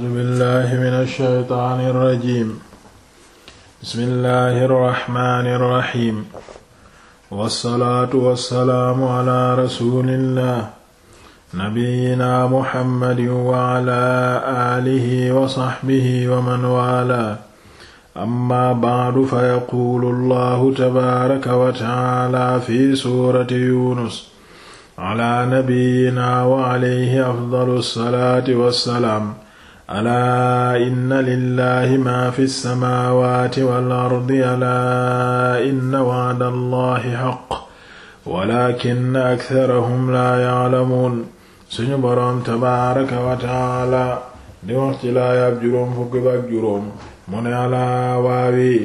أعوذ بالله من الشيطان الرجيم بسم الله الرحمن الرحيم والصلاة والسلام على رسول الله نبينا محمد وعلى آله وصحبه ومن والاه أما بعد فيقول الله تبارك وتعالى في سورة يونس على نبينا وعليه أفضل الصلاة والسلام alaa inna lillahi ma fi samaawaati wal ardi alaa inna wa'da allahi haqq walaakinna aktharahum laa ya'lamuun suñu boroom tabaaraka wa ta'aala di wax ci laayaab juróom fukki ba ak juróom mu ne alaa waawi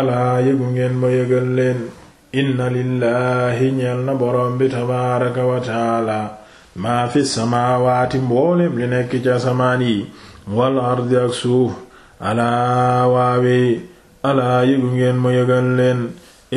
alaa yëgu ngeen ma yëgal leen inna lillahi ñeel na boroom bi tabaaraka wa ta'aala maa fi samaawaati mbooleem li nekk ci asamaan yi wal ardi ak suuf alaa waawe alaa yëgu ngeen ma yëgal leen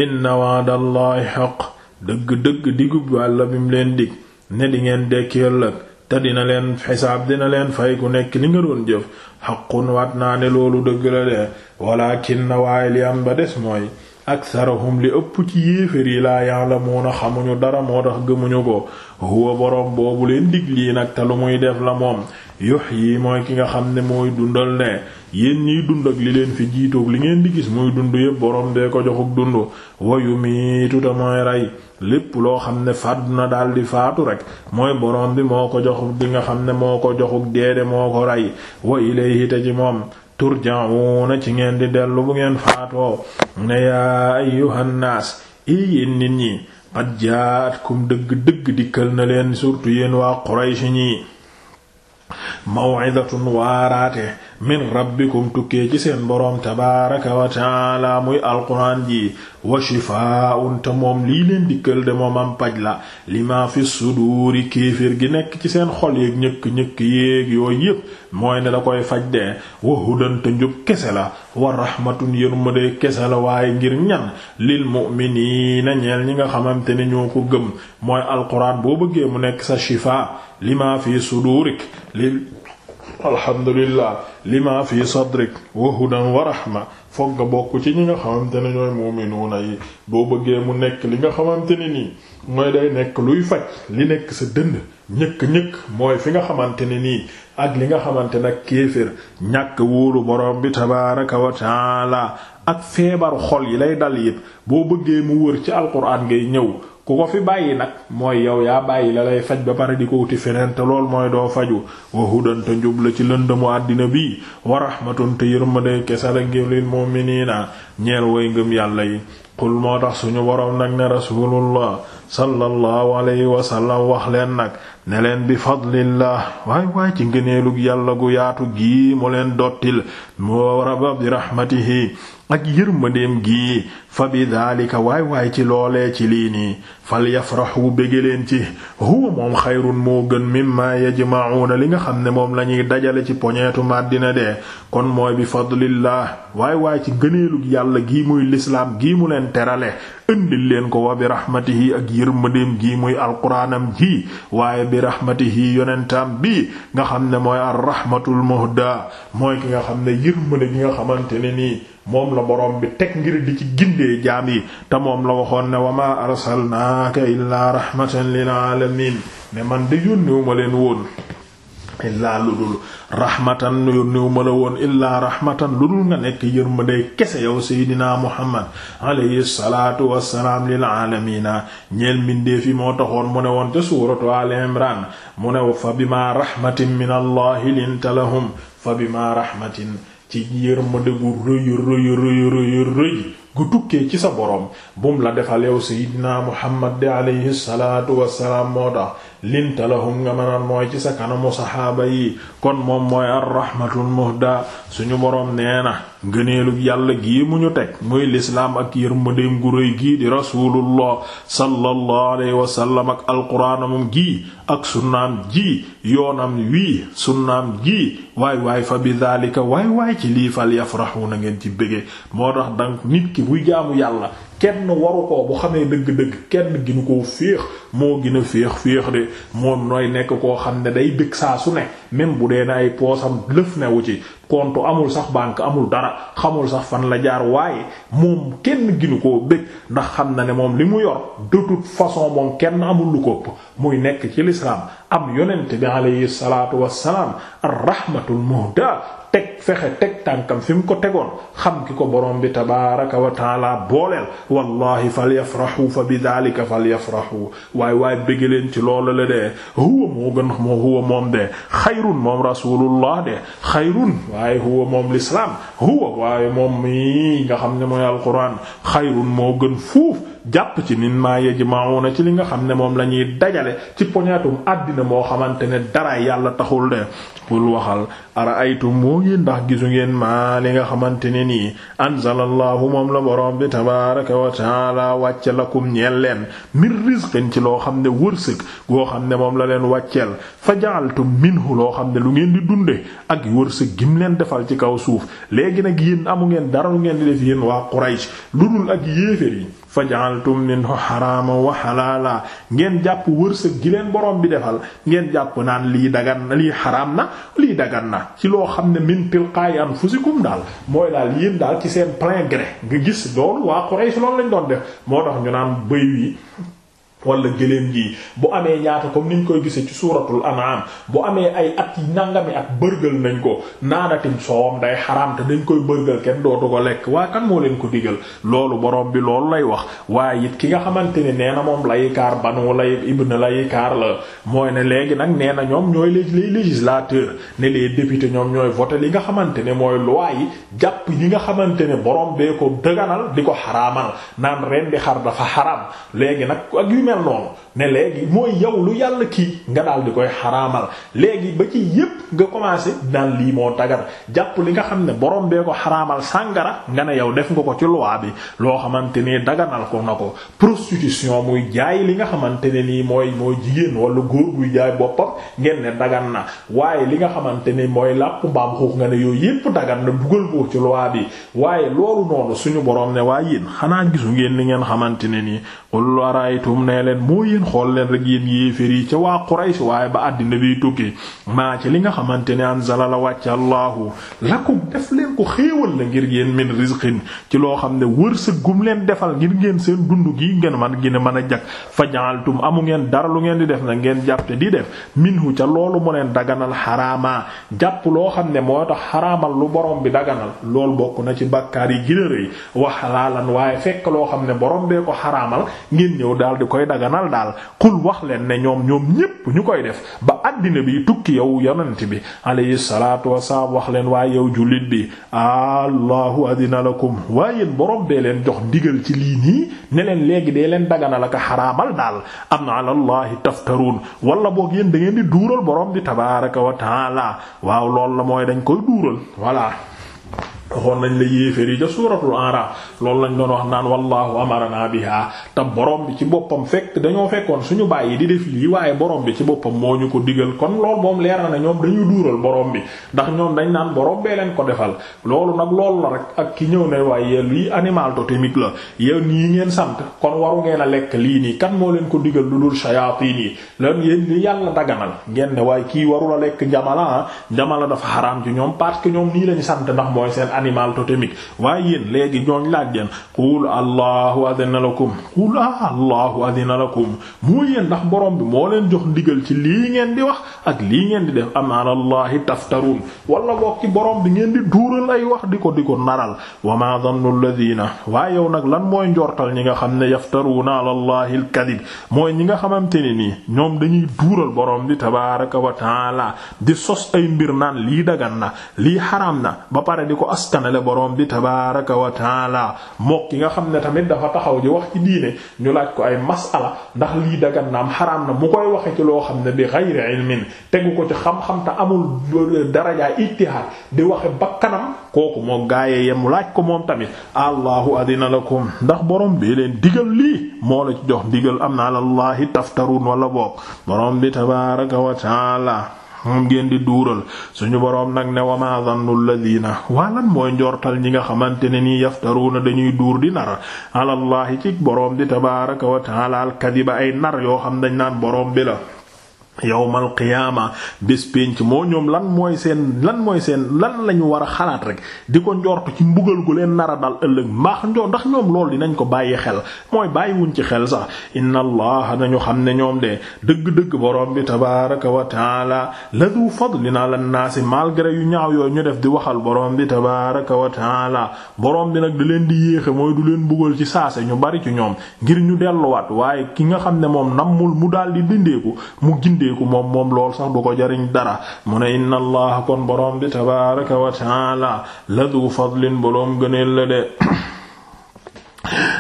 inna wa'dallahi xoq dëgg-dëgg digub wàlla mu leen dig ne di ngeen dekki ëllëg te dina leen xisaab dina leen fay ku nekk li nga doon jëf xaqun waat naa ne loolu dëgg la de walaakin na waaye li am ba des mooy aksarahum li ëpp ci yéefér yi laa ya'lamuuna xamuñu dara moo tax gëmuñu ko huwa boroom boobu leen dig nag te lu muy def la moom yii mooy ki nga xam ne mooy dundal ne yéen ñiy dund ak li leen fi jiitoog li ngeen di gis muy dund yépp boroom dee ko joxuk dund wayu miitu te mooy rey lépp loo xam ne faatu na daal di faatu rek mooy boroom bi moo ko joxuk di nga xam ne moo ko joxuk deede moo ko rey wa ilayhi te ci moom turja'una ci ngeen di dellu bu ngeen faatoo ne yaa ayyuhan naas yéen nit ñi qad jaatkum dëgg-dëgg dikkal na leen surtout yéen waa Quraysh ñi maw'idatun waaraate min rabbikum tukkee ci seen boroom tabaaraka wa muy alquran ji wa shifaa'un te moom lii leen dikkal de moom am paj la lima fi suduuri kéeféer gi nekk ci seen xol yeeg ñëkk-ñëkk yéeg yooyu yépp mooy ne da koy faj de wa hudan njub kese la wa rahmatun yërmande kese la waaye ngir ñan lil mu'miniina ñeel ñi nga xamante ne ñoo ko gëm mooy alquran boo bëggee mu nekk sa shifaa lima fi suduurik alhamdulillah lima fi sadrik wa hudan wa rahma foog nga bokk ci ñi nga xamante ne ñooy muminuuna yi boo bëggee mu nekk li nga xamante ne nii mooy day nekk luy faj li nekk sa dënd ñëkk-ñëkk mooy fi nga xamante ne nii ak li nga xamante nag kéefér ñàkk wóolu borom bi tabaraka wa ak feebaru xol yi lay dal yit boo bëggee mu wër ci alquran ngay ñëw ku ko fi bàyyi nag mooy yow yaa bàyyi la lay faj ba pare di ko wuti feneen te lool mooy doo faju wa hudan te njub la ci lëndëmu àddina bi wa rahmatun te yërmande kese la lil mu'minina ñeel way ngëm yàlla yi xul moo tax suñu boroom nag ne rasulullah sallallahu alayhi wa sallam wax leen nag ne leen bi fadlillah waay waay ci ngëneelug yàlla gu yaatu gii mu leen dottil moo raba bi rahmatihi ak yërmandeem gii fa bi daalika waay waay ci loolee ci lii nii fal yafrahu bége leen ci huwa moom xayrun moo gën mimma yajma'una li nga xam ne moom la ñuy dajale ci poñeetu màddina de kon mooy bi fadlillah waay waay ci ngëneelug yàlla gii muy lislaam gii mu leen terale ëndil leen ko wa bi rahmatihi ak yërmandeem gii muy alquraanam ji waaye bi rahmatihi yonentam bi nga xam ne mooy ar rahmatul muhda mooy ki nga xam ne yërmande gi nga xamante ne nii moom la boroom bi teg ngir di ci gindee jaam yi te moom la waxoon ne wa ma arsalnaaka illaa rahmatan lil alamin ne man de yónniwuma leen woon illaa lu dul rahmatan yónniwu ma la woon illaa rahmatan lu dul nga nekk yërmande kese yow seydinaa muhammad alayhi salaatu wassalaam lil aalamiina ñeel mbindeef yi moo taxoon mu ne woon ca suuratu al imran mu ne fa bimaa rahmatin min allahi linta lahum fa bimaa rahmatin ci yërmande gu rëy rëy rëy rëy rëy gu tukkee ci sa boroom bum la defal yow seydinaa muhammad di alayhi salaatu wassalaam moo tax lintalahum nga mënaan mooy ci sa kanamu saxaaba yi kon moom mooy ar rahmatul muhda suñu boroom nee na ngëneelug yàlla gii mu ñu teg muy lislaam ak yërmandeem gu réy gii di rasulullah sallallahu alayhi wasallam ak alquraanamum gii ak sunnaam ji yoonam wii sunnaam ji waay waay fa bi daalika waay waay ci lii fal yafrahu na ngeen ci bëgge moo tax dank nit ki buy jaamu yàlla kenn waru ko bu xamee dëgg-dëgg kenn ginu ko féex moo gën a féex féex de moom nooy nekk koo xam ne day bëgg saa su ne même bu dee ne ay poosam lëf newu ci kontu amul sax banque amul dara xamul sax fan la jaar waaye moom kenn ginu koo bëgg ndax xam na ne moom li mu yor de toute façon moom kenn amul lu ko muy nekk ci lislaam am yonent bi alayhi salaatu wassalaam ar-rahmatul muhda teg fexe teg tànkam fi mu ko tegoon xam ki ko borom bi tabaaraka wa taala booleel wallahi falyafrahu fa bi daalika falyafrahu waay waay bëgg leen ci loolu la de huwa moo gën huwa moom de xayrun moom rasulullah de xayrun waaye huwa moom lislaam huwa waaye moom mi nga xam ne mooy alquran xayrun moo gën fuuf jàpp ci ma maa na ci li nga xam ne moom la ñuy dajale ci poñaatum àddina moo xamante ne dara yàlla taxul de bul waxal ara'aytum moo ngi ndax gisu ngeen maa li nga xamante ne nii anzalallahu moom la borom bi tabaaraka wa ta'ala wàcce lakum ñeel leen mir rizqin ci loo xam ne wërsëg goo xam ne moom la leen wàcceel fa ja'altum minhu loo xam ne lu ngeen di dunde ak wërsëg gim leen defal ci kaw suuf léegi nag yéen amu ngeen dara lu ngeen di def waa Quraysh lu ak yéeféer yi faj'altum minhu haraman wa halala ngeen jàpp wërsëg gi leen borom bi defal ngeen jàpp naan lii dagan na lii xaraam na lii dagan na ci loo xam ne min tilqaay anfusikum daal mooy daal yéen daal ci seen plein gré nga gis loolu waa Quraysh loolu lañ doon def moo tax ñu naan bëy yi wala gëléem gi bu amee ñaata comme ni ñu koy gisee ci suuratul an'am bu amee ay at yi nangami at bërgal nañ ko naanatim soowam day xaraam te dañ koy bërgal kenn dootu ko lekk waaye kan moo leen ko digal loolu borom bi loolu lay wax waaye it ki nga xamante ne nee na moom layikaar banu lay ibn layikaar la mooy ne léegi nag nee na ñoom ñooy les législateurs ne les députés ñoom ñooy voter li nga xamante ne mooy loi yi jàpp yi nga xamante ne borom bee ko dëganal di ko xaraamal naan ren di xar dafa xaraam léegi nag mel noonu ne léegi mooy yow lu yàlla kii nga daal di koy xaraamal léegi ba ci yépp nga commencé daan lii moo tagar jàpp li nga xam ne borom bee ko xaraamal sàngara nga ne yow def nga ko ci loi bi loo xamante ni daganal ko na ko prostitution muy jaay li nga xamante ne nii mooy mooy jigéen wala góor buy jaay boppam ngeen ne dagan na waaye li nga xamante ne mooy làpp mbaam xuux nga ne yooyu yépp dagan na dugal ko ci loi bi waaye loolu noonu suñu borom ne waaye yéen xanaa gisu ngeen li ngeen xamante ne nii qul araytum xool leen rek yéen yéefér yi ca waa Quraysh waaye ba àddina biy tukki maa ci li nga xamante ne anzala la wàcc allahu lakum def leen ko xéewal la ngir yéen min rizqin ci loo xam ne wërsëg gum leen defal ngir ngeen seen dund gi ngeen man gi ne mën a jag fajaaltum amu ngeen dara lu ngeen di def na ngeen jàpp di def minhu ca loolu mu leen daganal xaraama jàpp loo xam ne moo tax xaraamal lu borom bi daganal loolu bokk na ci bàkkaar yi gën a rëy wa waaye fekk loo xam ne borom bee ko xaraamal ngeen ñëw daal di koy daganal daal qul wax leen ne ñoom ñoom ñépp ñu koy def ba àddina bi tukki yow yonent bi alayhi salaatu wasalaam wax leen waaye yow jullit bi allahu adina lakum waaye yéen borom bee leen jox ndigal ci lii nii ne leen léegi dee leen dagana la ko xaraamal daal am ala allahi taftaruun wala boog yéen da di duural borom bi tabaaraka wa taala waaw lool la mooy dañ koy duural voilà waxoon nañ la yéeféer yi ja suuratul Araf loolu lañ doon wax naan wallahu amarana biha tam boroom bi ci boppam fekk dañoo fekkoon suñu bàyyi di def lii waaye borom bi ci boppam moo ñu ko digal kon loolu moom leer na ne ñoom dañuy duural borom bi ndax ñoom dañ naan borom bee leen ko defal loolu nag loolu la rek ak ki ñëw ne waaye lii animal totémique la yéen yi ngeen sant kon waru ngeen a lekk lii nii kan moo leen ko digal lu dul shayatin yi lan yéen li yàlla daganal ngeen ne waaye kii warul a lekk njamala ah njamala dafa xaraam ci ñoom parce ñoom nii lañ sant ndax mooy seen animal totémique waaye yéen léegi ñooñ laaj leen qul allahu adina lakum qul ah allahu adina lakum mooy yéen ndax boroom bi moo leen jox diggal ci lii ngeen di wax ak lii ngeen di def am alallahi taftarun wala boog ci borom bi ngeen di duural ay wax di ko di ko naral wa ma dhannu alladhina waaye yow nag lan mooy njortal ñi nga xam ne yaftaruna alallahi alkadib mooy ñi nga xamante ne nii ñoom dañuy duural boroom bi tabaraka wa taala di sos ay mbir naan lii dagan na lii xaraam na ba pare di ko as askanale borom bi tabaaraka wa taala mook nga xam ne tamit dafa taxaw ji wax ci ñu laaj ko ay masala ndax lii dagan na am na mu koy waxe ci loo xam ne bi ghayri ilmin tegu ko ci xam-xam te amul daraja ittihaad di waxe bakkanam kooku moo gaayee yem laaj ko moom tamit allahu adina lakum ndax boroom bi leen digal lii moo la ci jox digal am na alallahi taftarun wala boog borom bi tabaaraka wa moom ngeen di duural suñu boroom nag ne wama la alladina waa lan mooy njortal ñi nga xamante ne nii yaftaruuna dañuy duur di nar alallahi ci boroom di tabaaraka wa taala ba ay nar yoo xam dañ naan boroom bi la yawmal qiyaama bés pénc moo ñoom lan mooy seen lan mooy seen lan la ñu war a xalaat rek di ko njort ci mbugal gu leen nara a dal ëllëg mbaax njort ndax ñoom loolu dinañ ko bàyyi xel mooy bàyyiwuñ ci xel sax inna allah nañu xam ne ñoom de dëgg-dëgg borom bi tabaaraka wa taala la du fadlin ala naasi malgré yu ñaaw yooyu ñu def di waxal borom bi tabaaraka wa taala borom bi nag di leen di yéexe mooy du leen mbugal ci saase ñu bari ci ñoom ngir ñu delluwaat waaye ki nga xam ne moom nammul mu daal di dindeeku mu gindee futteeku moom moom lool sax du ko jariñ dara mu ne inna allah kon boroom bi tabaaraka wa taala la du fadlin boroom gëneel la de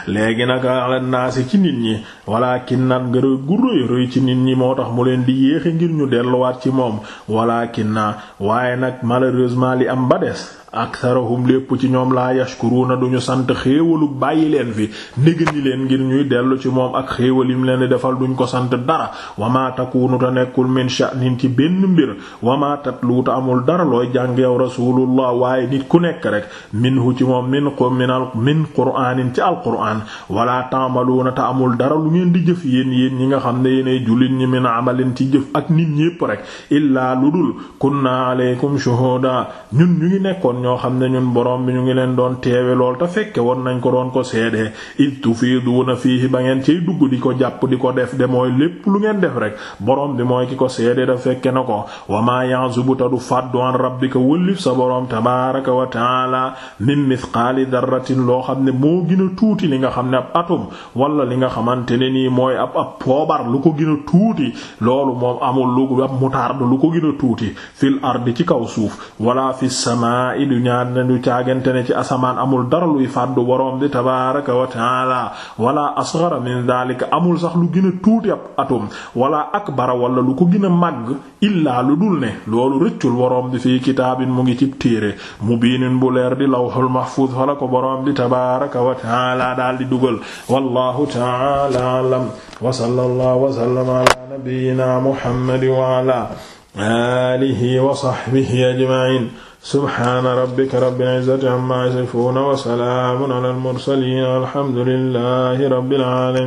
léegi nag ala naasi ci nit ñi walaa naan nga rëy gu rëy ci nit ñi moo tax mu leen di yéexe ngir ñu delluwaat ci moom walaakin na waaye nag malheureusement li am ba des aktharahum lépp ci ñoom laa na duñu sant xéewalu bàyyi leen fi négani leen ngir ñuy dellu ci moom ak xéewalim leen di defal duñ ko sant dara wama nu ta nekkul min sha'nin ci benn mbir wama tatluuta amul dara looy jàng yow rasulullah waaye nit ku nekk rek minhu ci moom min min al min qur'anin ci alqur'an naan wala taamaluuna te amul dara lu ngeen di jëf yéen yéen ñi nga xam ne yéenay jullit ñi min amalin ci jëf ak nit ñépp rek illaa lu dul kunna aleykum shuhuda ñun ñu ngi nekkoon ñoo xam ne ñun borom bi ñu ngi leen doon teewe lool te fekke woon nañ ko doon ko seede it tufiiduuna fiihi ba ngeen ciy dugg di ko jàpp di ko def de mooy lépp lu ngeen def rek borom bi mooy ki ko seede da fekke na ko wa ma yanzubu ta du fàddu an rabbika wëllif sa borom a tuuti nga xam ne ab atum wala li nga xamante ne nii mooy ab ab poobar lu ko gën a tuuti loolu moom amul lu ab mutaarda lu ko gën a tuuti fil ardi ci kaw suuf wala fi samaa'i du ñaar du caagante ne ci asamaan amul dara luy fàddu boroom di tabaaraka wa taala wala asghara min daalika amul sax lu gën a tuuti ab atum wala akbara wala lu ko gën a illaa lu dul ne loolu rëccul boroom di fii kitaabin mu ngi ci téere mubiinin bu leer di lawhul mahfuuz fala daal di dugal wallahu ta'ala a'lam wa sallallahu wa sallama ala nabiyyina muhammad wa ala alihi wa sahbihi ajma'in subhana rabbika rabbil izzati amma yasifun wa salamun ala al mursalin alhamdulillahi rabbil alamin